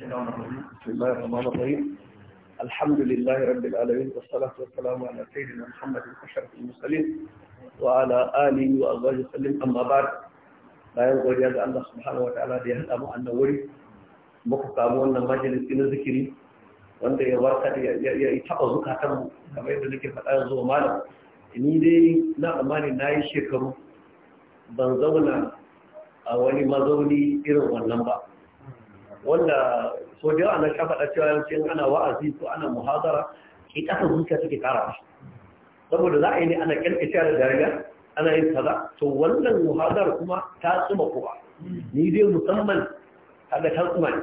بسم الله الرحمن الرحيم الحمد لله رب العالمين والصلاة والسلام على سيدنا محمد أشرف المرسلين وعلى آله وأزواجه وسلم أما بعد لا ينقل يا الله سبحانه وتعالى دي هذا مو أن وري wannan majalisi na zikiri wanda ya warka ya taɓa zukatanmu kamar yadda nake faɗa yanzu wa malam ni dai na tsammani na yi shekaru ban zauna a wani mazauni irin wannan ba wanda so da na kafaɗa cewa yawancin ana wa'azi ko ana muhazara ke ƙasa zuciya take kara shi saboda za a yi ne ana ƙirƙirƙiya da dariya ana yin kaza to wannan muhazar kuma ta tsuma kowa ni dai musamman kaga ta tsuma ne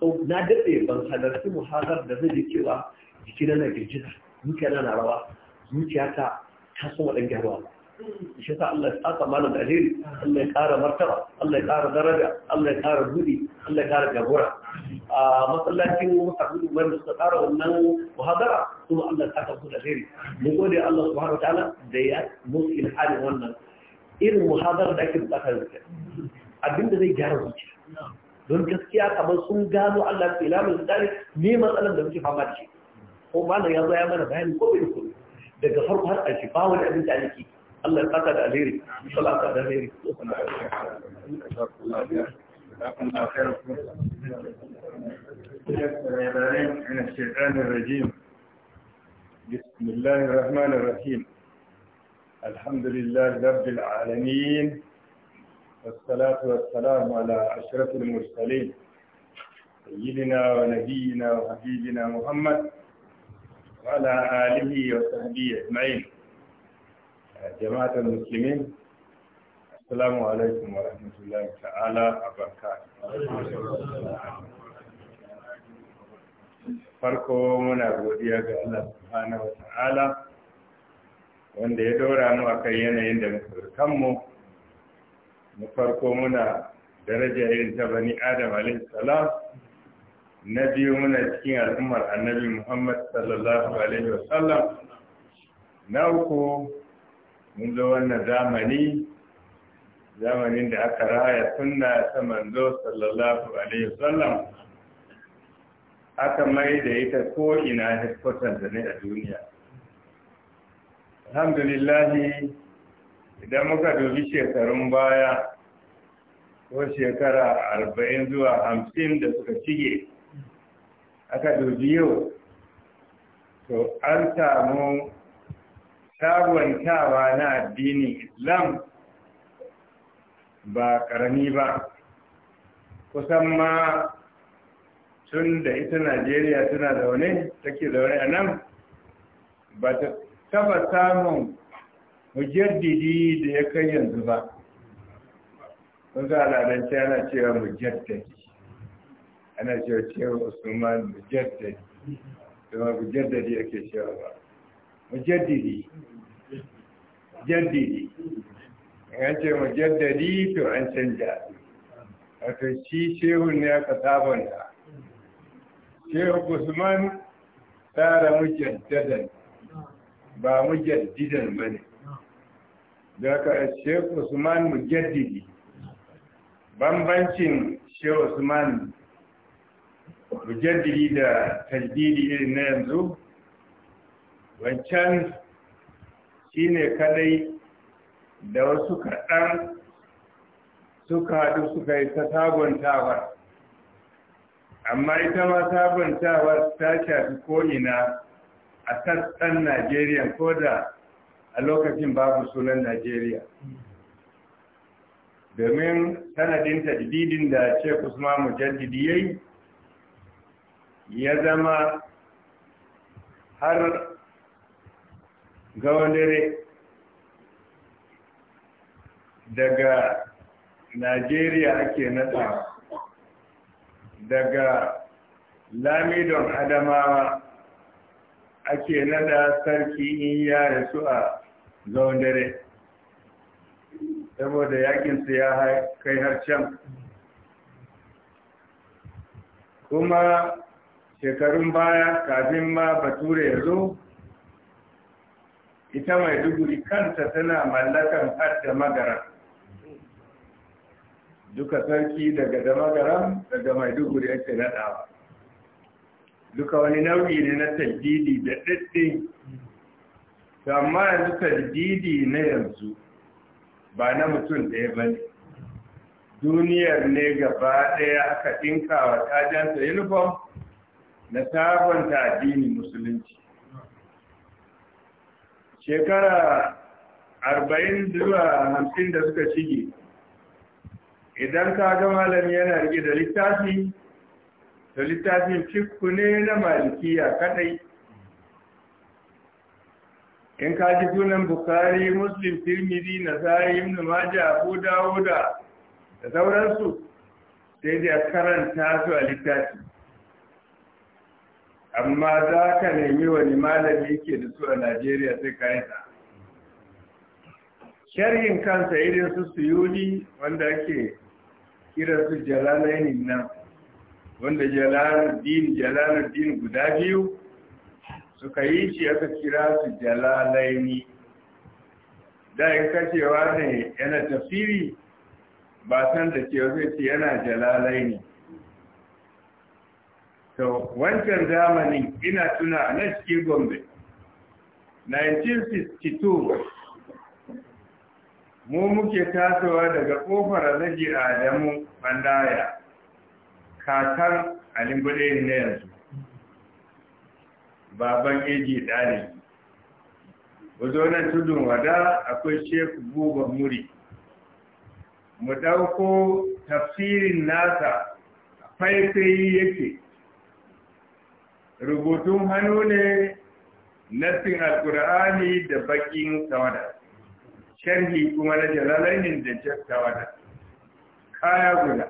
to na daɗe ban halarci muhazar da zai cewa jikina na girgiza zuciya na rawa zuciya ta ta tsuma ɗan gyaruwa ba shi ta Allah ya saka malam da Allah ya kara martaba Allah ya kara daraja Allah ya kara budi Allah ya kara jagora a masallacin musabbin wanda suka kara wannan muhadara kuma Allah ta saka musu da alheri mun gode Allah subhanahu wataala da ya musu ilhali wannan irin muhadara da ake bukata da abinda zai gyara zuciya don gaskiya kamar sun gano Allah ke lamun da ne matsalar da muke fama da shi ko malam ya zo ya mana bayani ko bai da daga farko har a shi ba wani abin da ake الله ya أليري صلاة أليري من الشيطان الرجيم بسم الله الرحمن الرحيم الحمد لله رب العالمين والصلاة والسلام على أشرف المرسلين سيدنا ونبينا وحبيبنا محمد وعلى آله وصحبه أجمعين jama'atan muslimin assalamu alaikum wa rahmatullahi ta'ala wa farko muna godiya ga Allah subhanahu wata'ala wanda ya dora mu akan yanayin da muka kanmu na farko muna daraja irin ta bani adam salam na biyu muna cikin al'ummar annabi muhammad sallallahu alaihi wasallam na uku mun zo wannan zamani zamanin da aka raya sunna ta manzo sallallahu alaihi wasallam aka mai da ita ko ina headquarters da ne a duniya alhamdulillah idan muka dubi shekarun baya ko shekara arba'in zuwa hamsin da suka cige aka dubi yau to an samu tawa na addinin islam ba karami ba kusan ma tun da ita najeriya tana zaune take zaune a nan ba ta taba samun mujaddidi da ya kai yanzu ba kun za al'adance ana cewa mujaddadi ana cewa cewa usman mujaddadi kuma mujaddadi ake cewa ba mujaddidi jaddadi ya ce mu jaddadi to an canja wato shi shehun ne aka sabanta shehu usman tara mu jaddadan ba mu jaddidan ba ne da ka shehu usman mu jaddidi bambancin shehu usman mu jaddidi da tajdidi irin na yanzu wancan shine kadai da wasu kaɗan suka haɗu suka yi ta sabuntawa amma ita ma sabuntawa ta shafi ko'ina a sassan najeriya ko da a lokacin babu sunan najeriya domin ta tajdidin da ce kusma mujaddidi yayi ya zama har wani dare daga najeriya ake nata daga lamidon adamawa ake nada sarki in ya rasu a zaun dare saboda yakinsu ya kai har can kuma shekarun baya kafin ma bature ya zo ita mai duguri kanta tana mallakan hadda magaran duka sarki daga da magaran daga mai duguri yake naɗawa duka wani nau'i ne na tajidi da ɗiɗɗi amma yanzu tajidi na yanzu ba na mutum ɗaya ba ne duniyar ne gaba ɗaya aka ɗinka wa tajanta uniform na sabon addini musulunci shekara arba'in zuwa hamsin da suka shige idan ka ga malami yana rike da littafi da littafin cikku ne na malikiya kadai in ka ji sunan bukari muslim tirmidhi nasari ibn majah abu dawuda da sauransu sai da karanta su a littafi amma za ka nemi wani malami ke da su a najeriya sai ka yi sharhin kansa irin su suyuni wanda ake kira su jalalainin nan wanda jalaluddin din guda biyu suka yi shi aka kira su jalalaini da yin kacewa ne yana tafiri ba san da ce wasu yana jalalaini to wancan zamanin ina tuna a nan cikin gombe 1962 mu muke tasowa daga kofar alhaji adamu bandaya kakar alimbudin na yanzu baban eji ɗalibi nan tudun wada akwai sheku buba muri mu ɗauko tafsirin nasa faifai yake rubutun hannu ne nassin alkur'ani da bakin tawada sharhi kuma na jalalainin da jar tawada kaya guda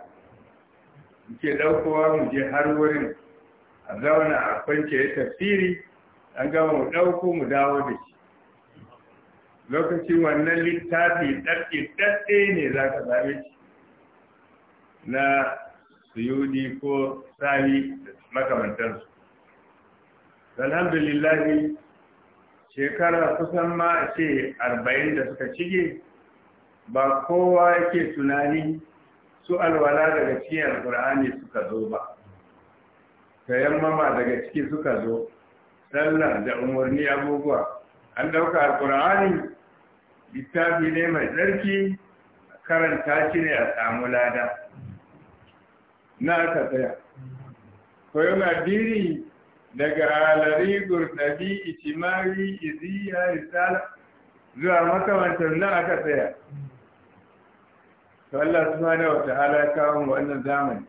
ke daukowa mu je har wurin a zauna a kwance ya tafsiri an gama mu dauko mu dawo da shi Lokacin wannan littafi ɗarki ɗaɗɗe ne za ka zaɓe shi na suyudi ko sami da makamantarsu alhamdulillahi shekara kusan ma a ce arba'in da suka cige ba kowa yake tunani su alwala daga cikin alkur'ani suka zo ba mama daga ciki suka zo sallah da umarni abubuwa an ɗauka alkur'ani littafi ne mai tsarki karanta shi ne a samu lada na aka tsaya koyon addini daga alari gurnabi itimari iziya isala zuwa makamantar nan aka tsaya to Allah subhanahu wata'ala kawo wannan zamani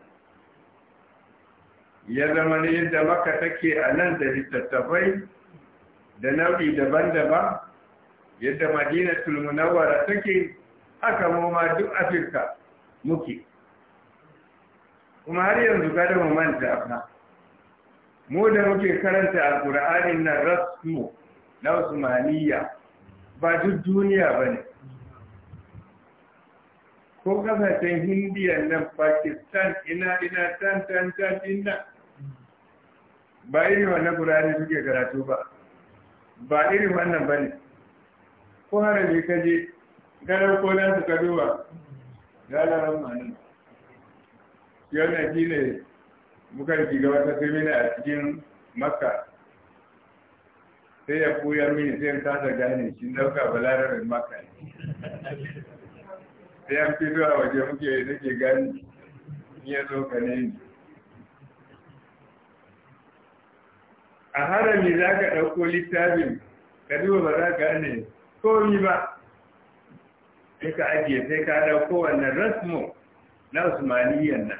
ya zama ne yadda maka take a nan da littattafai da nau'i daban-daban yadda madina tulmunawara take aka mu ma duk afirka muke kuma har yanzu kada mu manta mu da muke karanta alƙur'anin na rasmu na usmaniya ba duk duniya ba ne ko kasashen hindiya nan pakistan ina ina tan tan tan ina ba iri wannan ƙur'ani suke karatu ba ba iri wannan ba ne ko harabi ka je garar ko na su ka duba galaran manin yana ji ne muka ga wata semina a cikin makka sai ya koyar mini sai ta ta gane shi dauka balarabin makka sai an fito a waje muke nake gani ya zo ka ni a harami za ka ɗauko littafin ka duba ba za ka ne komi ba sai ka ajiye sai ka ɗauko wannan rasmo na Usmaniyyar nan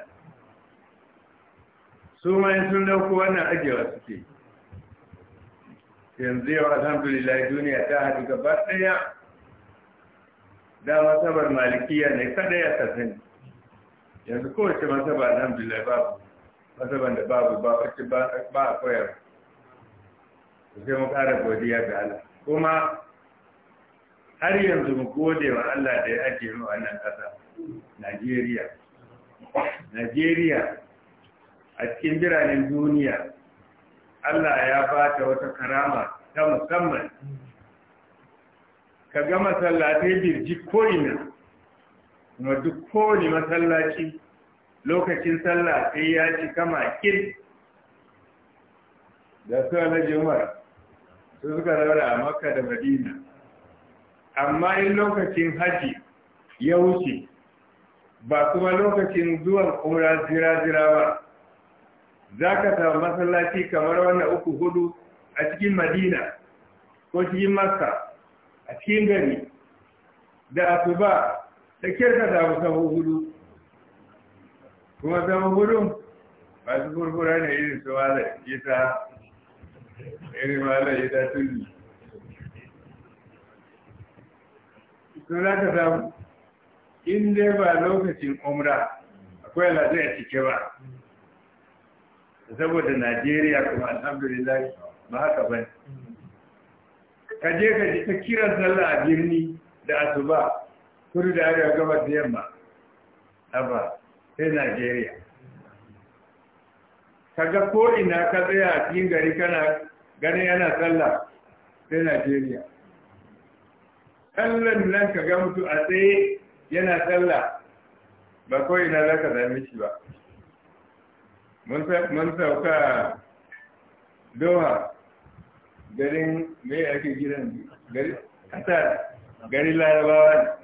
su ma yin sun dauko wannan ajewa suke yanzu yau alhamdulillah duniya ta haɗu gaba ɗaya da sabar malikiya ne kada ya tafi yanzu kowace masaba alhamdulillah babu masaban da babu ba wacce ba a koyar sai mu ƙara godiya ga Allah kuma har yanzu mu gode wa Allah da ya ajiye mu a wannan ƙasa Najeriya Najeriya a cikin biranen duniya Allah ya ba ta wata karama ta musamman ka ga masallatai birji ko'ina kuma duk kowane masallaci lokacin sallah sai ya ci kama kin da su na jimar su suka raura a makka da madina amma in lokacin haji ya wuce ba kuma lokacin zuwan umra zira-zira ba za ka samu masallaci kamar wannan uku hudu a cikin madina ko cikin makka a cikin gari da asuba da kirka samu sahu hudu kuma sahu hudu masu furfura ne irin su malar isa irin malar isa tuni su za ka samu in dai ba lokacin umra akwai lazai cike ba saboda najeriya kuma alhamdulillah ba haka ba ka je ka ji ta kira sallah a birni da asuba kudu da arewa gaba da yamma haba sai najeriya kaga ko ina ka tsaya a cikin gari kana ganin yana sallah sai najeriya sallan nan ka ga mutu a tsaye yana sallah ba ko ina za ka zame shi ba mun sauka doha garin mai ake gidan kasar garin larabawa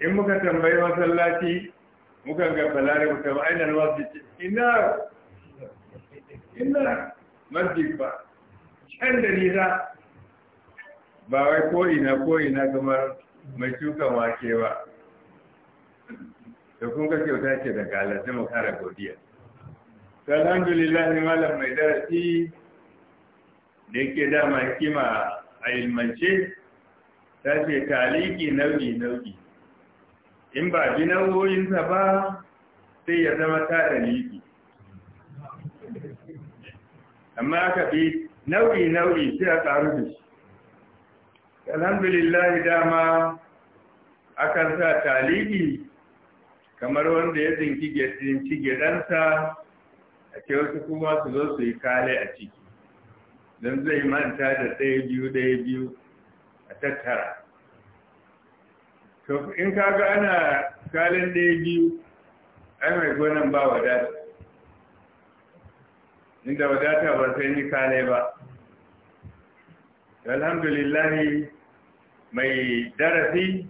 in muka tambayi masallaci muka ga balare muka ba ainihin masjid ina ina masjid ba can da nisa ba wai ko'ina ko'ina kamar mai shukan wake ba da kun ga kyauta ce daga Allah sai mu kara godiya alhamdulillah ni malam mai darasi da yake dama kima a ilmance ta ce taliki nau'i nau'i in ba bi ta ba sai ya zama ta taliki amma aka bi nau'i nau'i sai a karu da shi alhamdulillah dama akan sa taliki kamar wanda ya zinci gidansa a ke wasu kuma su zo su yi kale a ciki don zai manta da ɗaya biyu ɗaya biyu a tattara to in kaga ana kalin ɗaya biyu ai mai gonan ba wadata inda wadata ba sai ni kale ba alhamdulillahi mai darasi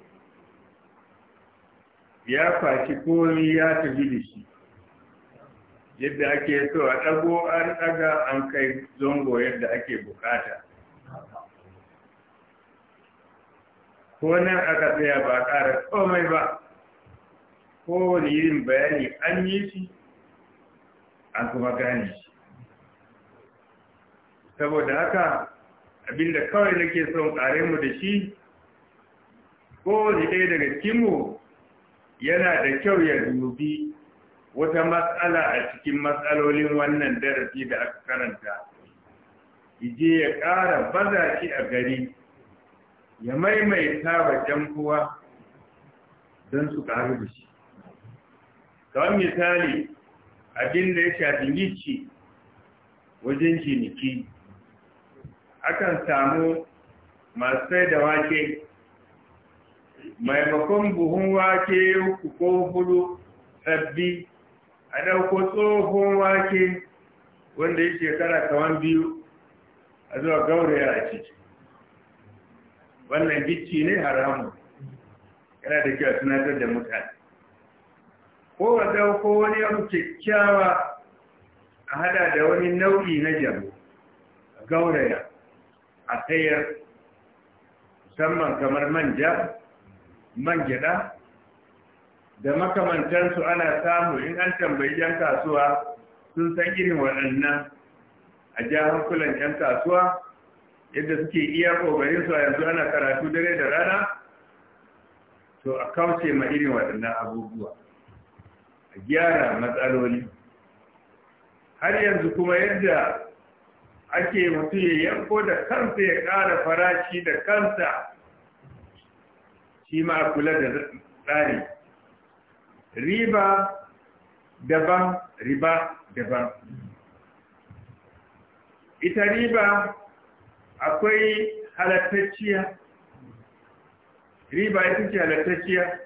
ya faci komi ya tafi da shi yadda ake so a ɗago an ɗaga an kai zongo yadda ake bukata ko nan aka tsaya ba ƙara komai ba kowane yin bayani an yi shi an kuma gane shi saboda haka abinda kawai nake son ƙare mu da shi kowane ɗaya daga cikinmu yana da kyau ya dubi wata matsala a cikin matsalolin wannan darasi da aka karanta ije ya ƙara baza shi a gari ya maimaita wa ɗan kuwa don su ƙaru da shi kamar misali abin da ya shafi nici wajen jiniki akan samu masu sai da wake maimakon buhun wake uku ko hudu sabbi a ɗauko tsohon wake wanda ya shekara kawan biyu a zuwa gauraya a ciki wannan bicci ne haramu yana da kyau tunatar da mutane ko a ɗauko wani yau kyakkyawa a hada da wani nau'i na jabo gauraya a sayar musamman kamar manja man gyaɗa da makamantansu ana samu in an tambayi 'yan kasuwa sun san irin waɗannan a ja 'yan kasuwa yadda suke iya ƙoƙarin su a yanzu ana karatu dare da rana to a kauce ma irin waɗannan abubuwa a gyara matsaloli har yanzu kuma yadda ake mutu ya yanko da kansa ya ƙara farashi da kansa shi ma a kula da tsari riba daban riba daban ita riba akwai halattacciya riba ita ce halattacciya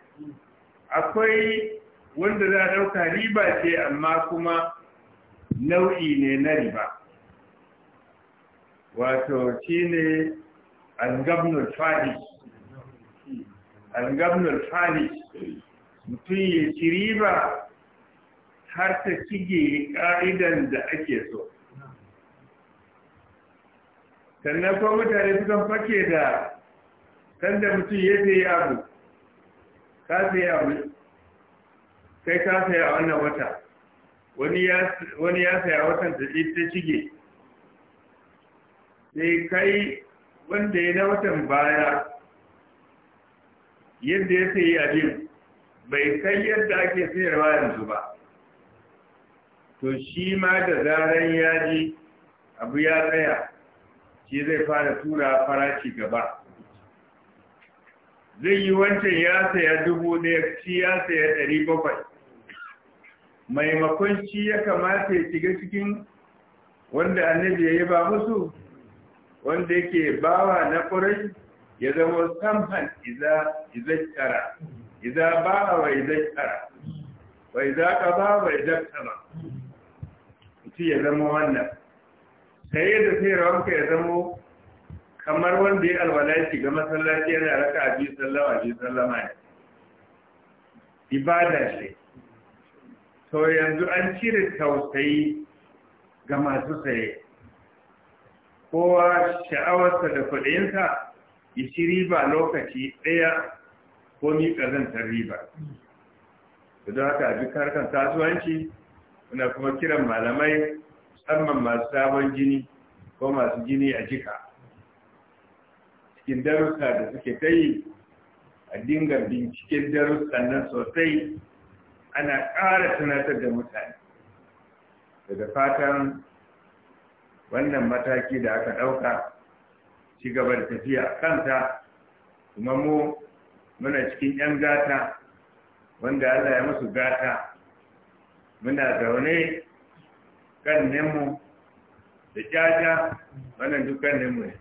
akwai wanda za a ɗauka riba ce amma kuma nau'i ne na riba wato shi ne al-gabnul al-gabnul fali mutum ya ci riba har ta cige ka'idan da ake so sannan kuma mutane sukan fake da sanda mutum ya sayi abu ka sayi abu kai ka sayi a wannan wata wani ya sayi a watan da ta cige sai kai wanda ya na watan baya yadda ya sayi abin bai kai yadda ake sayarwa yanzu ba to shi ma da zaran ya ji abu ya tsaya shi zai fara tura farashi gaba zai yi wancan ya saya dubu ɗaya shi ya saya ɗari bakwai maimakon shi ya kamata ya shiga cikin wanda annabi ya yi ba musu wanda yake bawa na ƙurai ya zama samhan iza izakkara iza ba wa izakkara wa iza ka ba wa izakkara mutum ya zama wannan sai yadda sai rawanka ya zama kamar wanda ya alwala ya shiga masallaci yana raka a biyu sallama biyu sallama ne ibada ce to yanzu an cire tausayi ga masu saye kowa sha'awarsa da kuɗinsa ya riba lokaci ɗaya ko mi ƙazantar riba da don haka duk harkar kasuwanci muna kuma kiran malamai musamman masu sabon jini ko masu jini a jika cikin darussa da suke ta a dinga binciken darussan nan sosai ana ƙara tunatar da mutane daga fatan wannan mataki da aka ɗauka ci gaba da tafiya kanta kuma mu muna cikin 'yan gata wanda Allah ya musu gata muna zaune kan nemo da jaja wannan duk nemo ne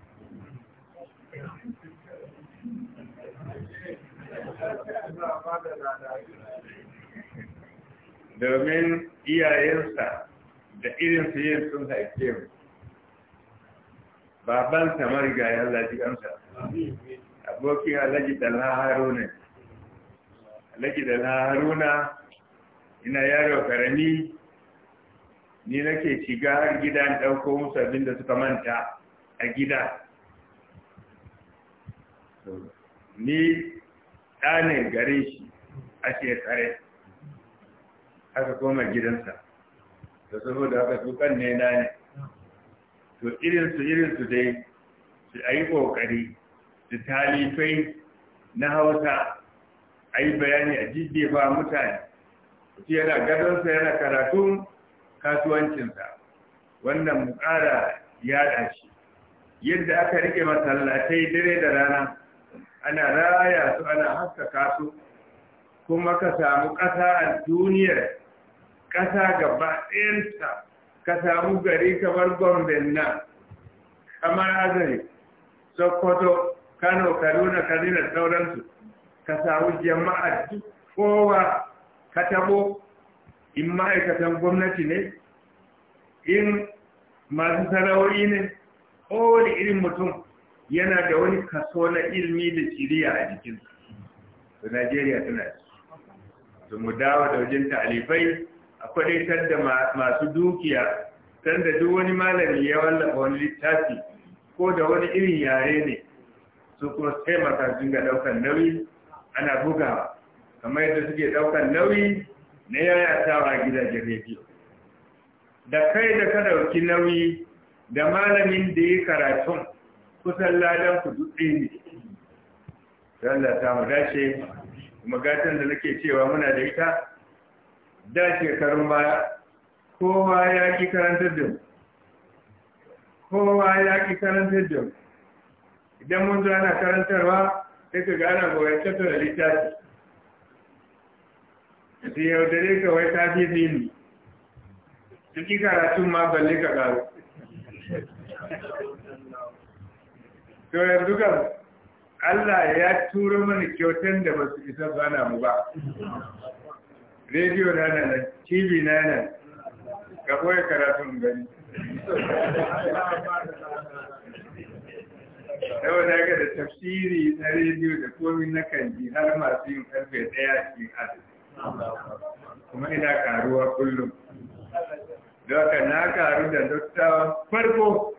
domin iyayensa da irin su yin sun haife mu babansa marigayi Allah ji amsa aboki alhaji dalha haruna alhaji da haruna ina yaro karami ni nake shiga har gida in ɗauko musu abin da suka manta a gida ni ɗane gare shi a shekare aka koma gidansa da saboda aka tukan ne na ne to irinsu irinsu dai su a yi ƙoƙari su talifai na hausa a yi bayani a jibbe ba mutane su yana gadonsa yana karatun kasuwancinsa wannan mu ƙara yaɗa shi yadda aka rike masallatai dare da rana ana raya su ana haskaka su kuma ka samu ƙasa a duniyar ƙasa gaba ɗayanta ka samu gari kamar gombin na, kamar azari sokoto kano kaduna kaduna sauransu ka samu jama'a kowa ka tabo in ma'aikatan gwamnati ne in masu sana'o'i ne kowane irin mutum yana da wani kaso na ilmi da shiriya a jikinsu to najeriya tana su mu dawo da wajen ɗalibai. a kwadaitar da masu dukiya don da duk wani malami ya wallafa wani littafi ko da wani irin yare ne su kuma taimaka sun ga daukan nauyi ana bugawa kamar yadda suke daukan nauyi na yayatawa gidajen rediyo da kai da ka dauki nauyi da malamin da ya karatun kusan ladan ku dutse ne da ta mu dace kuma gatan da nake cewa muna da ita da shekarun baya kowa ya ki karantar da kowa ya ki karantar da idan mun zo ana karantarwa sai ka gana goyon tattara littafi da dare ka wai ta fi zini ciki karatun ma balle ka gano to yanzu kan Allah ya turo mana kyautan da ba su isa zana mu ba rediyo na nan tv na nan ga boye karatun gani yau na ga da tafsiri na rediyo da komi na kan ji har masu yin karfe daya cikin adadi kuma ina karuwa kullum Doka na karu da dattawan farko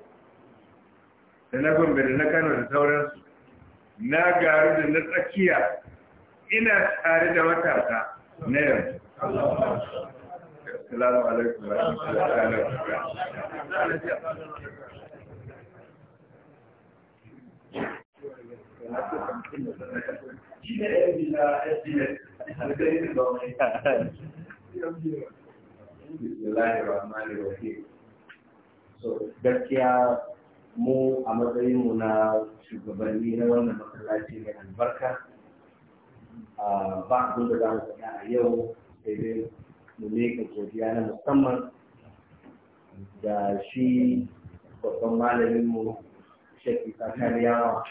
da na gombe da na kano da sauransu na garu da na tsakiya ina tare da matasa na yanzu السلام عليكم ورحمة الله بسم so gaskiya mu a matsayinmu na shugabanni na wannan masallaci mai albarka ah, ba abin da za mu faɗa a yau sai dai mu meka godiya na musamman da shi babban malaminmu shafi kakariyawa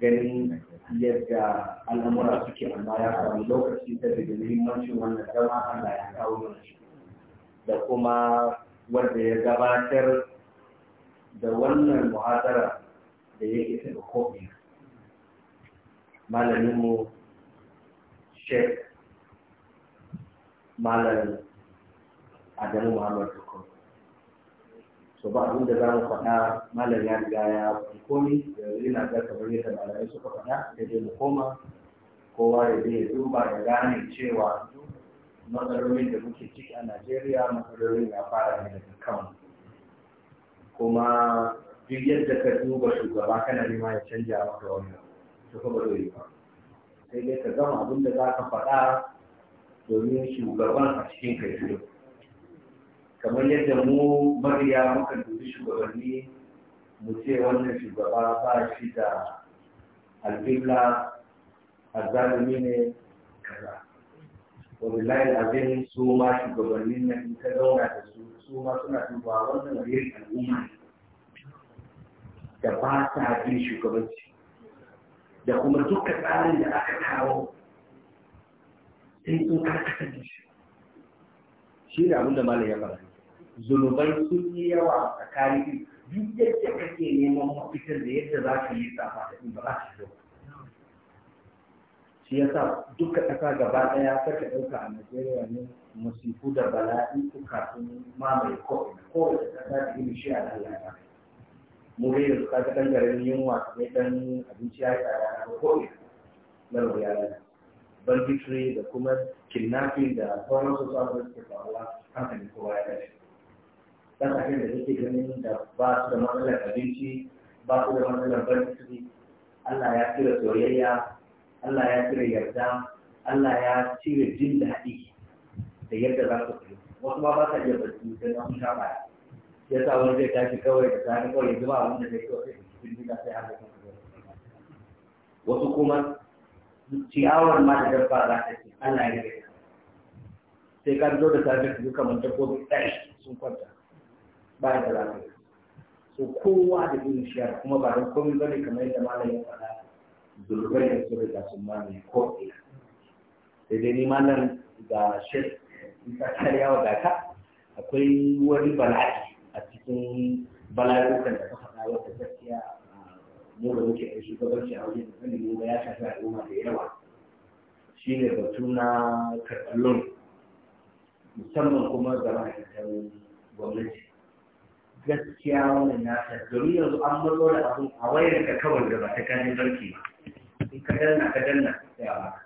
ganin yadda al'amura suke amma ya samu lokaci da daga muhimmancin wannan zama Allah ya kawo mana shi da kuma wanda ya gabatar da wannan muhadara da yake taɓa ko'ina malaminmu Sheikh malam adamu muhammad dukkan so ba abin da za mu faɗa malam ya riga ya fi komi yanzu ina ga kamar yadda malamai suka faɗa da dai mu koma kowa ya je duba ya gane cewa matsalolin da muke ciki a najeriya matsalolin ya fara ne daga kan kuma duk yadda ka duba shugaba kana nema ya canja maka wannan to kuma ba yi ba sai dai ka gama abin da za ka faɗa domin shugaban a cikin kai kamar yadda mu mariya muka dubi shugabanni mu ce wannan shugaba ba shi da alfibla azalumi ne kaza layin abin su ma shugabannin na in ka zauna da su su ma suna duba wannan wani al'umma da ba sa bin shugabanci da kuma duka tsarin da aka kawo sai in an da shi shi ne abinda malam ya fara zunubai sun yi yawa a tsakanin duk yadda kake neman mafitar da yadda za ka yi tsafa da in ba za ka zo? shi duka ƙasa gaba ɗaya saka ɗauka a najeriya ne musifu da bala'i ko kafin mamaye ko ina ko wata ƙasa shi a lalata mu bai yanzu ka ga ɗan garin yunwa ne ɗan abinci ya yi tsada ko na rubu ya lalata banditry da kuma kidnapping da sauran su su abin da suke faruwa hankali kowa ya dace abin da yake ganin da ba su da matsalar abinci ba su da matsalar banditry Allah ya cire soyayya Allah ya cire yarda Allah ya cire jin daɗi da yadda za su fi wasu ba sa iya barci sai an sha baya ya sa wani zai tashi kawai da sani kawai zuba abin da zai kawai sai cikin gida sai har da wasu kuma ciyawar ma da dabba za ta ce yi da ita sai ka zo da safe ka duka mun dabbobi ɗari sun kwanta ba da lafiya so kowa da irin shiyar kuma ba don komai bane kamar yadda malam ya faɗa zurbai da sun riga sun mamaye ko ina sai dai ni malam ga shir in ka karya wa gata akwai wani bala'i a cikin bala'ukan da ka faɗa wata mu da muke a shugabanci a wajen ilimi ba ya shafi al'umma da yawa shi ne batu na karɓar musamman kuma da ma'aikatan gwamnati gaskiya wannan na domin yanzu an matso da abu a wayar da kawai da ba ta kanin barki ba in ka danna ka danna ya ba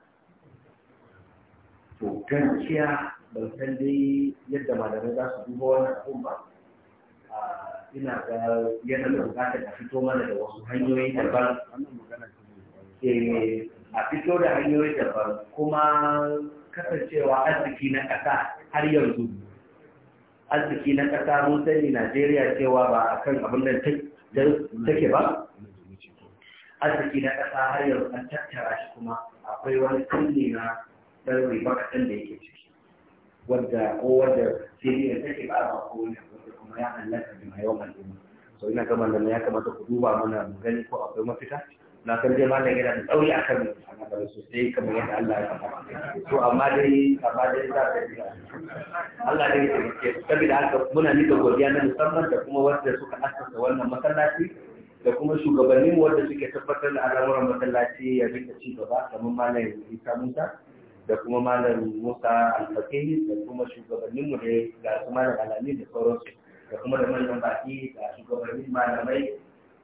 to gaskiya ban san dai yadda malamai za su duba wannan abun ba ah, ina ga yana da bukatar a fito mana da wasu hanyoyi daban eh, a fito da hanyoyi daban kuma kasancewa arziki na ƙasa har yanzu arziki na ƙasa mun sani najeriya cewa ba a kan abin da take ba arziki na ƙasa har yanzu an tattara shi kuma akwai wani kalli na ɗan riba kaɗan da yake ciki wadda ko wadda shirya take ba ba ko wani wadda kuma ya hallaka da mai yawan al'umma so ina ga malama ya kamata ku duba mana mu gani ko akwai mafita na san dai malam yana da tsauri akan al'amarin sosai kamar yadda Allah ya faɗa to amma dai amma dai za ka ji Allah dai ya taimake saboda haka muna nika godiya na musamman da kuma wanda suka asasa wannan masallaci da kuma shugabannin wanda suke tabbatar da al'amuran masallaci ya rika ci gaba kamar malam Isa Musa da kuma malam Musa Alfakihi da kuma shugabanninmu da ga su malam alamin da sauransu da kuma da manyan baki da shugabannin malamai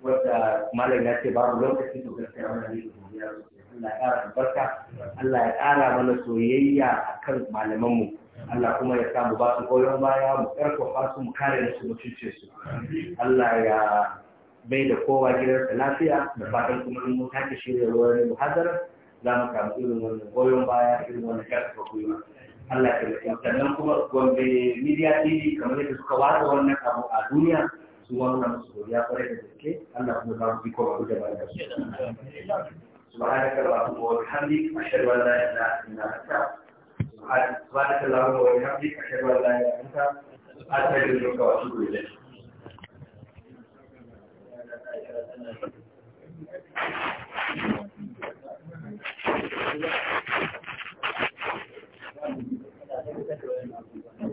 wadda malam ya ce babu lokaci to gaskiya mana da godiya Allah ya ƙara albarka Allah ya ƙara mana soyayya kan malamanmu Allah kuma ya samu ba su goyon baya mu ƙarfafa su mu kare musu mutunce su Allah ya bai da kowa gidansa lafiya da fatan kuma mun sake shirya ruwan muhadara za mu samu irin wannan goyon baya irin wannan karfafa gwiwa Allah ya tabbata sannan kuma Gombe Media TV kamar yadda suka watsa wannan abu a duniya su wannan su godiya kwarai da gaske Allah kuma za mu bi kowa da barka su سبحانك اللهم وبحمدك أشهد أن لا إله إلا أنت سبحانك اللهم وبحمدك أشهد أن لا إله إلا أنت أستغفرك وأتوب إليك Thank you. Yeah.